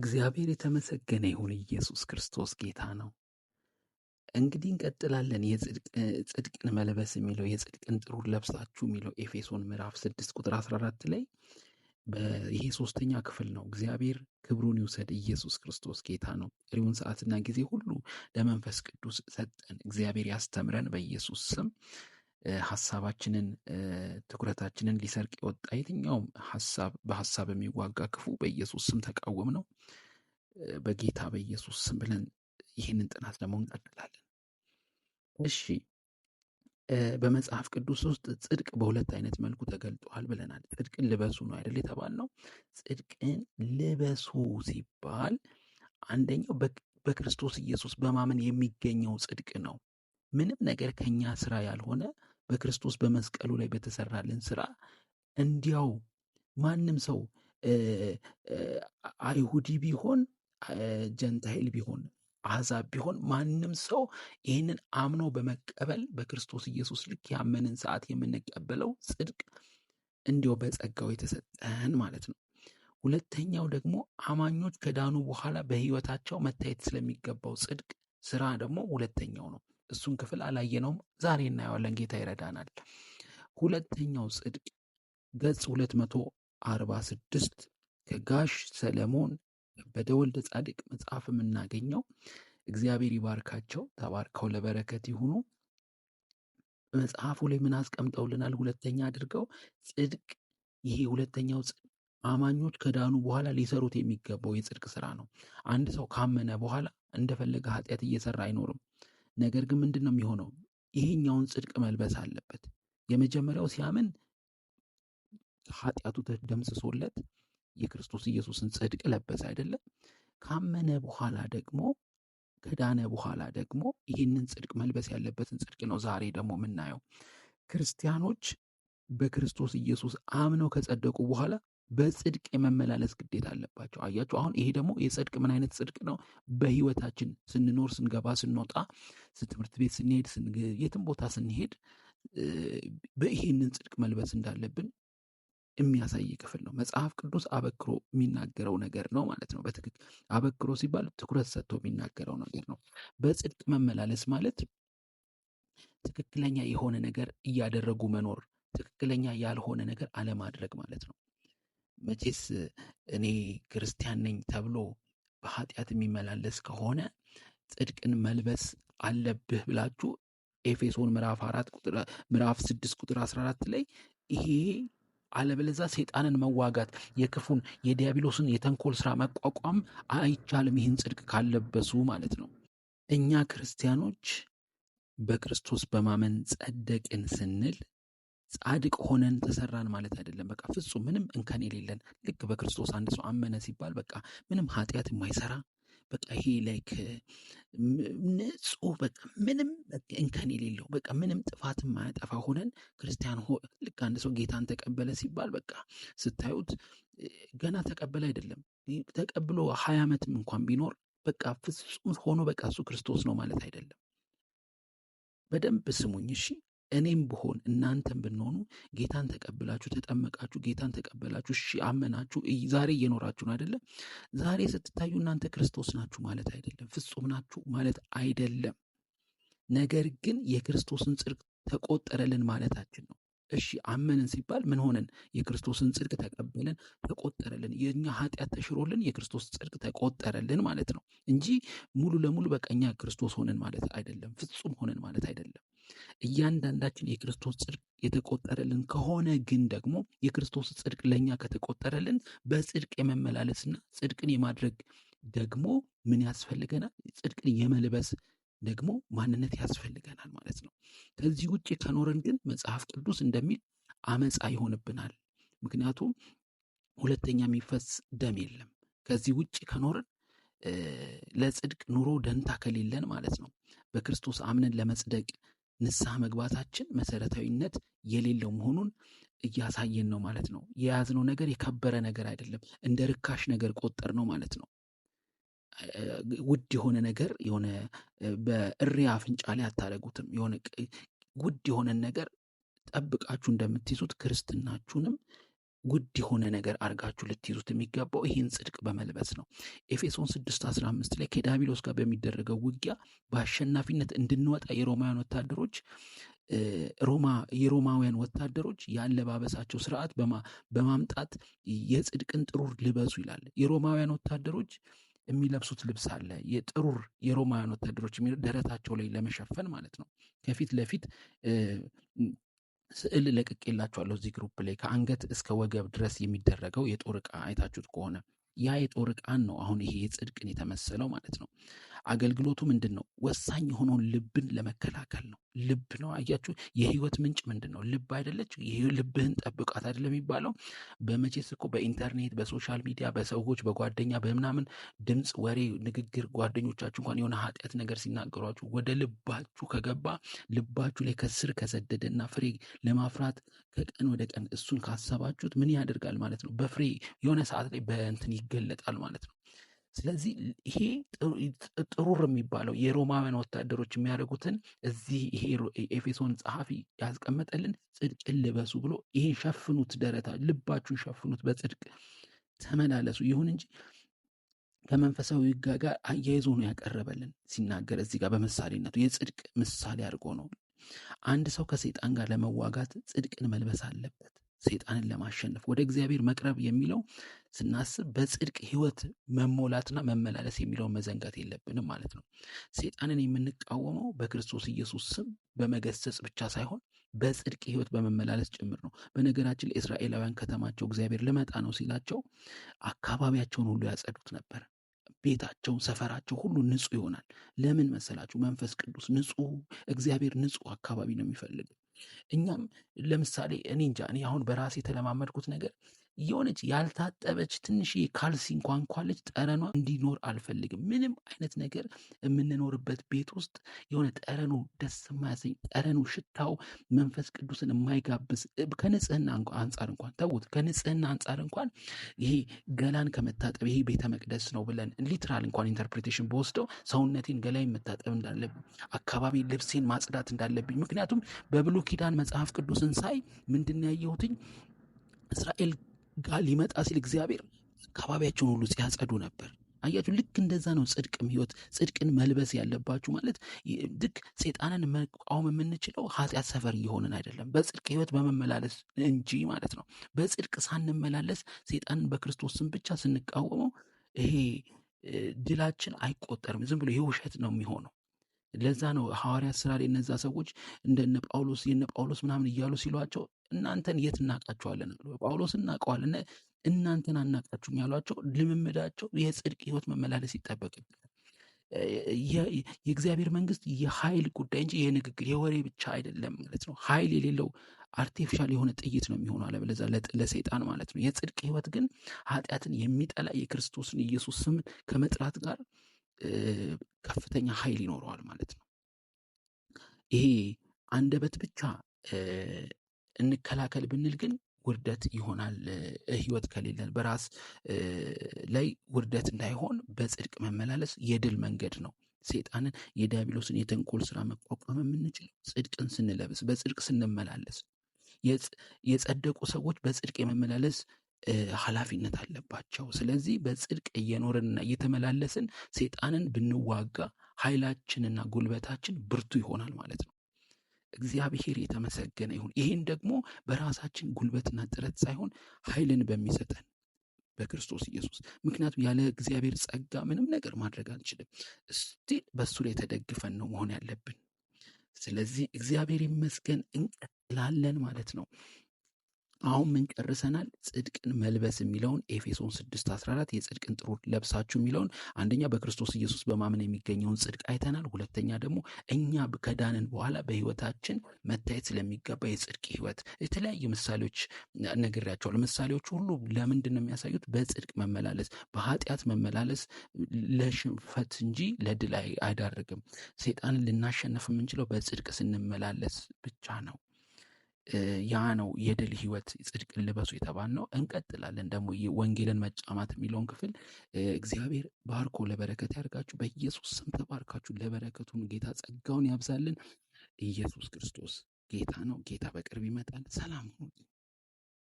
እግዚአብሔር የተመሰገነ ይሁን። ኢየሱስ ክርስቶስ ጌታ ነው። እንግዲህ እንቀጥላለን። የጽድቅን መልበስ የሚለው የጽድቅን ጥሩር ለብሳችሁ የሚለው ኤፌሶን ምዕራፍ 6 ቁጥር 14 ላይ ይሄ ሶስተኛ ክፍል ነው። እግዚአብሔር ክብሩን ይውሰድ። ኢየሱስ ክርስቶስ ጌታ ነው። ቀሪውን ሰዓትና ጊዜ ሁሉ ለመንፈስ ቅዱስ ሰጠን። እግዚአብሔር ያስተምረን በኢየሱስ ስም። ሀሳባችንን ትኩረታችንን ሊሰርቅ የወጣ የትኛውም ሀሳብ በሀሳብ የሚዋጋ ክፉ በኢየሱስ ስም ተቃወም ነው። በጌታ በኢየሱስ ስም ብለን ይህንን ጥናት ደግሞ እንቀጥላለን። እሺ በመጽሐፍ ቅዱስ ውስጥ ጽድቅ በሁለት አይነት መልኩ ተገልጧል ብለናል። ጽድቅን ልበሱ ነው አይደል ነው ጽድቅን ልበሱ ሲባል አንደኛው በክርስቶስ ኢየሱስ በማመን የሚገኘው ጽድቅ ነው። ምንም ነገር ከኛ ስራ ያልሆነ በክርስቶስ በመስቀሉ ላይ በተሰራልን ስራ እንዲያው ማንም ሰው አይሁዲ ቢሆን ጀንታይል ቢሆን አሕዛብ ቢሆን ማንም ሰው ይህንን አምኖ በመቀበል በክርስቶስ ኢየሱስ ልክ ያመንን ሰዓት የምንቀበለው ጽድቅ እንዲያው በጸጋው የተሰጠን ማለት ነው። ሁለተኛው ደግሞ አማኞች ከዳኑ በኋላ በህይወታቸው መታየት ስለሚገባው ጽድቅ ስራ ደግሞ ሁለተኛው ነው። እሱን ክፍል አላየነውም። ዛሬ እናየዋለን። ጌታ ይረዳናል። ሁለተኛው ጽድቅ ገጽ 246 ከጋሽ ሰለሞን ከበደ ወልደ ጻድቅ መጽሐፍ የምናገኘው እግዚአብሔር ይባርካቸው፣ ተባርከው ለበረከት ይሁኑ። መጽሐፉ ላይ ምን አስቀምጠውልናል? ሁለተኛ አድርገው ጽድቅ። ይሄ ሁለተኛው ጽድቅ አማኞች ከዳኑ በኋላ ሊሰሩት የሚገባው የጽድቅ ስራ ነው። አንድ ሰው ካመነ በኋላ እንደፈለገ ኃጢአት እየሰራ አይኖርም። ነገር ግን ምንድን ነው የሚሆነው? ይሄኛውን ጽድቅ መልበስ አለበት። የመጀመሪያው ሲያምን ኃጢአቱ ተደምስሶለት የክርስቶስ ኢየሱስን ጽድቅ ለበስ አይደለም። ካመነ በኋላ ደግሞ ከዳነ በኋላ ደግሞ ይህንን ጽድቅ መልበስ ያለበትን ጽድቅ ነው ዛሬ ደግሞ የምናየው። ክርስቲያኖች በክርስቶስ ኢየሱስ አምነው ከጸደቁ በኋላ በጽድቅ የመመላለስ ግዴታ አለባቸው። አያችሁ አሁን ይሄ ደግሞ የጽድቅ ምን አይነት ጽድቅ ነው? በህይወታችን ስንኖር፣ ስንገባ፣ ስንወጣ፣ ትምህርት ቤት ስንሄድ፣ የትም ቦታ ስንሄድ በይሄንን ጽድቅ መልበስ እንዳለብን የሚያሳይ ክፍል ነው። መጽሐፍ ቅዱስ አበክሮ የሚናገረው ነገር ነው ማለት ነው። በትክክል አበክሮ ሲባል ትኩረት ሰጥቶ የሚናገረው ነገር ነው። በጽድቅ መመላለስ ማለት ትክክለኛ የሆነ ነገር እያደረጉ መኖር፣ ትክክለኛ ያልሆነ ነገር አለማድረግ ማለት ነው። መቼስ እኔ ክርስቲያን ነኝ ተብሎ በኃጢአት የሚመላለስ ከሆነ ጽድቅን መልበስ አለብህ ብላችሁ ኤፌሶን ምዕራፍ አራት ቁጥር ምዕራፍ ስድስት ቁጥር አስራ አራት ላይ ይሄ አለበለዛ ሰይጣንን መዋጋት የክፉን የዲያብሎስን የተንኮል ስራ መቋቋም አይቻልም። ይህን ጽድቅ ካለበሱ ማለት ነው። እኛ ክርስቲያኖች በክርስቶስ በማመን ጸደቅን ስንል ጻድቅ ሆነን ተሰራን ማለት አይደለም። በቃ ፍጹም ምንም እንከን የሌለን ልክ በክርስቶስ አንድ ሰው አመነ ሲባል በቃ ምንም ኃጢአት የማይሰራ በቃ ይሄ ላይክ ንጹህ በቃ ምንም እንከን የሌለው በቃ ምንም ጥፋት የማያጠፋ ሆነን ክርስቲያን ሆ ልክ አንድ ሰው ጌታን ተቀበለ ሲባል በቃ ስታዩት ገና ተቀበለ አይደለም ተቀብሎ ሀያ ዓመትም እንኳን ቢኖር በቃ ፍጹም ሆኖ በቃ እሱ ክርስቶስ ነው ማለት አይደለም። በደንብ ስሙኝ እሺ። እኔም ብሆን እናንተም ብንሆኑ ጌታን ተቀብላችሁ ተጠመቃችሁ፣ ጌታን ተቀበላችሁ፣ እሺ አመናችሁ፣ ዛሬ እየኖራችሁ ነው አይደለም። ዛሬ ስትታዩ እናንተ ክርስቶስ ናችሁ ማለት አይደለም፣ ፍጹም ናችሁ ማለት አይደለም። ነገር ግን የክርስቶስን ጽድቅ ተቆጠረልን ማለታችን ነው። እሺ አመንን ሲባል ምን ሆነን? የክርስቶስን ጽድቅ ተቀበልን፣ ተቆጠረልን። የኛ ኃጢአት ተሽሮልን የክርስቶስ ጽድቅ ተቆጠረልን ማለት ነው እንጂ ሙሉ ለሙሉ በቀኛ ክርስቶስ ሆነን ማለት አይደለም፣ ፍጹም ሆነን ማለት አይደለም። እያንዳንዳችን የክርስቶስ ጽድቅ የተቆጠረልን ከሆነ ግን ደግሞ የክርስቶስ ጽድቅ ለእኛ ከተቆጠረልን በጽድቅ የመመላለስና ጽድቅን የማድረግ ደግሞ ምን ያስፈልገናል? ጽድቅን የመልበስ ደግሞ ማንነት ያስፈልገናል ማለት ነው። ከዚህ ውጭ ከኖረን ግን መጽሐፍ ቅዱስ እንደሚል አመፃ ይሆንብናል። ምክንያቱም ሁለተኛ የሚፈስ ደም የለም። ከዚህ ውጭ ከኖርን ለጽድቅ ኑሮ ደንታ ከሌለን ማለት ነው በክርስቶስ አምነን ለመጽደቅ ንስሐ መግባታችን መሰረታዊነት የሌለው መሆኑን እያሳየን ነው ማለት ነው። የያዝነው ነገር የከበረ ነገር አይደለም፣ እንደ ርካሽ ነገር ቆጠር ነው ማለት ነው። ውድ የሆነ ነገር የሆነ በእሪ አፍንጫ ላይ አታደርጉትም። የሆነ ውድ የሆነን ነገር ጠብቃችሁ እንደምትይዙት ክርስትናችሁንም ውድ የሆነ ነገር አድርጋችሁ ልትይዙት የሚገባው ይህን ጽድቅ በመልበስ ነው። ኤፌሶን 6:15 ላይ ከዳቢሎስ ጋር በሚደረገው ውጊያ በአሸናፊነት እንድንወጣ የሮማውያን ወታደሮች ሮማ የሮማውያን ወታደሮች ያለባበሳቸው ስርዓት በማምጣት የጽድቅን ጥሩር ልበሱ ይላል። የሮማውያን ወታደሮች የሚለብሱት ልብስ አለ። የጥሩር የሮማውያን ወታደሮች ደረታቸው ላይ ለመሸፈን ማለት ነው። ከፊት ለፊት ስዕል ለቅቄላችኋለሁ እዚህ ግሩፕ ላይ ከአንገት እስከ ወገብ ድረስ የሚደረገው የጦር ዕቃ አይታችሁት ከሆነ ያ የጦር ዕቃን ነው አሁን ይሄ የጽድቅን የተመሰለው ማለት ነው። አገልግሎቱ ምንድን ነው? ወሳኝ የሆነውን ልብን ለመከላከል ነው። ልብ ነው። አያችሁ፣ የህይወት ምንጭ ምንድን ነው? ልብ አይደለች? ልብህን ጠብቃት አይደለም የሚባለው? በመቼስ እኮ በኢንተርኔት፣ በሶሻል ሚዲያ፣ በሰዎች፣ በጓደኛ፣ በምናምን ድምፅ፣ ወሬ፣ ንግግር ጓደኞቻችሁ እንኳን የሆነ ኃጢአት ነገር ሲናገሯችሁ ወደ ልባችሁ ከገባ ልባችሁ ላይ ከስር ከሰደደ እና ፍሬ ለማፍራት ከቀን ወደ ቀን እሱን ካሰባችሁት ምን ያደርጋል ማለት ነው? በፍሬ የሆነ ሰዓት ላይ በእንትን ይገለጣል ማለት ነው። ስለዚህ ይሄ ጥሩር የሚባለው የሮማውያን ወታደሮች የሚያደርጉትን እዚህ ይሄ ኤፌሶን ጸሐፊ ያስቀመጠልን ጽድቅን ልበሱ ብሎ ይሄን ሸፍኑት፣ ደረታ ልባችሁን ሸፍኑት፣ በጽድቅ ተመላለሱ። ይሁን እንጂ ከመንፈሳዊ ሕግ ጋር አያይዞ ነው ያቀረበልን ሲናገር እዚህ ጋር በምሳሌነቱ የጽድቅ ምሳሌ አድርጎ ነው። አንድ ሰው ከሰይጣን ጋር ለመዋጋት ጽድቅን መልበስ አለበት። ሰይጣንን ለማሸነፍ ወደ እግዚአብሔር መቅረብ የሚለው ስናስብ በጽድቅ ህይወት መሞላትና መመላለስ የሚለውን መዘንጋት የለብንም ማለት ነው። ሴጣንን የምንቃወመው በክርስቶስ ኢየሱስ ስም በመገሰጽ ብቻ ሳይሆን በጽድቅ ህይወት በመመላለስ ጭምር ነው። በነገራችን ለእስራኤላውያን ከተማቸው እግዚአብሔር ልመጣ ነው ሲላቸው አካባቢያቸውን ሁሉ ያጸዱት ነበር። ቤታቸው፣ ሰፈራቸው ሁሉ ንጹህ ይሆናል። ለምን መሰላችሁ? መንፈስ ቅዱስ ንጹህ እግዚአብሔር ንጹህ አካባቢ ነው የሚፈልግ። እኛም ለምሳሌ እኔ እንጃ እኔ አሁን በራሴ የተለማመድኩት ነገር የሆነች ያልታጠበች ትንሽ ካልሲ እንኳ እንኳለች ጠረኗ እንዲኖር አልፈልግም። ምንም አይነት ነገር የምንኖርበት ቤት ውስጥ የሆነ ጠረኑ ደስ የማያሰኝ ጠረኑ፣ ሽታው መንፈስ ቅዱስን የማይጋብዝ ከንጽህና አንጻር እንኳን ተውት፣ ከንጽህና አንጻር እንኳን ይሄ ገላን ከመታጠብ ይሄ ቤተ መቅደስ ነው ብለን ሊትራል እንኳን ኢንተርፕሬቴሽን በወስደው ሰውነቴን ገላይ መታጠብ እንዳለብኝ፣ አካባቢ ልብሴን ማጽዳት እንዳለብኝ ምክንያቱም በብሉይ ኪዳን መጽሐፍ ቅዱስን ሳይ ምንድን ያየሁትኝ እስራኤል ጋር ሊመጣ ሲል እግዚአብሔር አካባቢያቸውን ሁሉ ሲያጸዱ ነበር። አያችሁ፣ ልክ እንደዛ ነው ጽድቅም ህይወት ጽድቅን መልበስ ያለባችሁ ማለት ልክ ሴጣንን መቃወም የምንችለው ኃጢአት ሰፈር እየሆንን አይደለም፣ በጽድቅ ህይወት በመመላለስ እንጂ ማለት ነው። በጽድቅ ሳንመላለስ ሴጣንን በክርስቶስ ስም ብቻ ስንቃወመው ይሄ ድላችን አይቆጠርም። ዝም ብሎ ይህ ውሸት ነው የሚሆነው። ለዛ ነው ሐዋርያት ስራ ላይ እነዛ ሰዎች እንደነ ጳውሎስ የነ ጳውሎስ ምናምን እያሉ ሲሏቸው እናንተን የት እናውቃቸዋለን አሉ። ጳውሎስ እናውቀዋለን፣ እናንተን አናቃችሁም ያሏቸው ልምምዳቸው የጽድቅ ህይወት መመላለስ ይጠበቅብናል። የእግዚአብሔር መንግስት የኃይል ጉዳይ እንጂ የንግግር የወሬ ብቻ አይደለም ማለት ነው። ኃይል የሌለው አርቲፊሻል የሆነ ጥይት ነው የሚሆኑ አለበለዛ ለሰይጣን ማለት ነው። የጽድቅ ህይወት ግን ኃጢአትን የሚጠላ የክርስቶስን ኢየሱስ ስም ከመጥራት ጋር ከፍተኛ ኃይል ይኖረዋል ማለት ነው። ይሄ አንደበት ብቻ እንከላከል ብንል ግን ውርደት ይሆናል። ህይወት ከሌለን በራስ ላይ ውርደት እንዳይሆን በጽድቅ መመላለስ የድል መንገድ ነው። ሴጣንን፣ የዲያብሎስን የተንኮል ስራ መቋቋም የምንችለው ጽድቅን ስንለብስ፣ በጽድቅ ስንመላለስ የጸደቁ ሰዎች በጽድቅ የመመላለስ ኃላፊነት አለባቸው። ስለዚህ በጽድቅ እየኖርንና እየተመላለስን ሴጣንን ብንዋጋ ኃይላችንና ጉልበታችን ብርቱ ይሆናል ማለት ነው። እግዚአብሔር የተመሰገነ ይሁን። ይህን ደግሞ በራሳችን ጉልበትና ጥረት ሳይሆን ኃይልን በሚሰጠን በክርስቶስ ኢየሱስ። ምክንያቱም ያለ እግዚአብሔር ጸጋ ምንም ነገር ማድረግ አንችልም። እስቲል በእሱ ላይ ተደግፈን ነው መሆን ያለብን። ስለዚህ እግዚአብሔር ይመስገን እንቀጥላለን ማለት ነው። አሁን ምን ጨርሰናል? ጽድቅን መልበስ የሚለውን ኤፌሶን 6 14 የጽድቅን ጥሩር ለብሳችሁ የሚለውን አንደኛ በክርስቶስ ኢየሱስ በማመን የሚገኘውን ጽድቅ አይተናል። ሁለተኛ ደግሞ እኛ ከዳንን በኋላ በህይወታችን መታየት ስለሚገባ የጽድቅ ህይወት የተለያዩ ምሳሌዎች ነግሬያቸዋለሁ። ምሳሌዎች ሁሉ ለምንድን ነው የሚያሳዩት? በጽድቅ መመላለስ፣ በኃጢአት መመላለስ ለሽንፈት እንጂ ለድል አይዳርግም። ሴጣንን ልናሸንፍ የምንችለው በጽድቅ ስንመላለስ ብቻ ነው። ያ ነው የድል ህይወት ጽድቅን ልበሱ የተባል ነው። እንቀጥላለን ደግሞ ወንጌልን መጫማት የሚለውን ክፍል እግዚአብሔር ባርኮ ለበረከት ያርጋችሁ። በኢየሱስ ስም ተባርካችሁ ለበረከቱን ጌታ ጸጋውን ያብዛልን። ኢየሱስ ክርስቶስ ጌታ ነው። ጌታ በቅርብ ይመጣል። ሰላም ሁኑ።